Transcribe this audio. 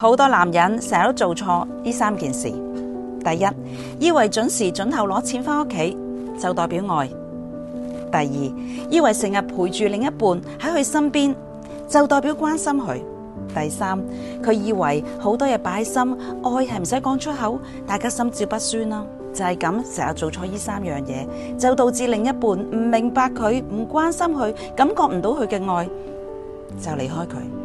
好多男人成日都做錯呢三件事。第一，以為準時準候攞錢返屋企就代表愛；第二，以為成日陪住另一半喺佢身邊就代表關心佢；第三，佢以為好多嘢擺喺心，愛係唔使講出口，大家心照不宣啦。就係咁，成日做錯呢三樣嘢，就導致另一半唔明白佢，唔關心佢，感覺唔到佢嘅愛，就離開佢。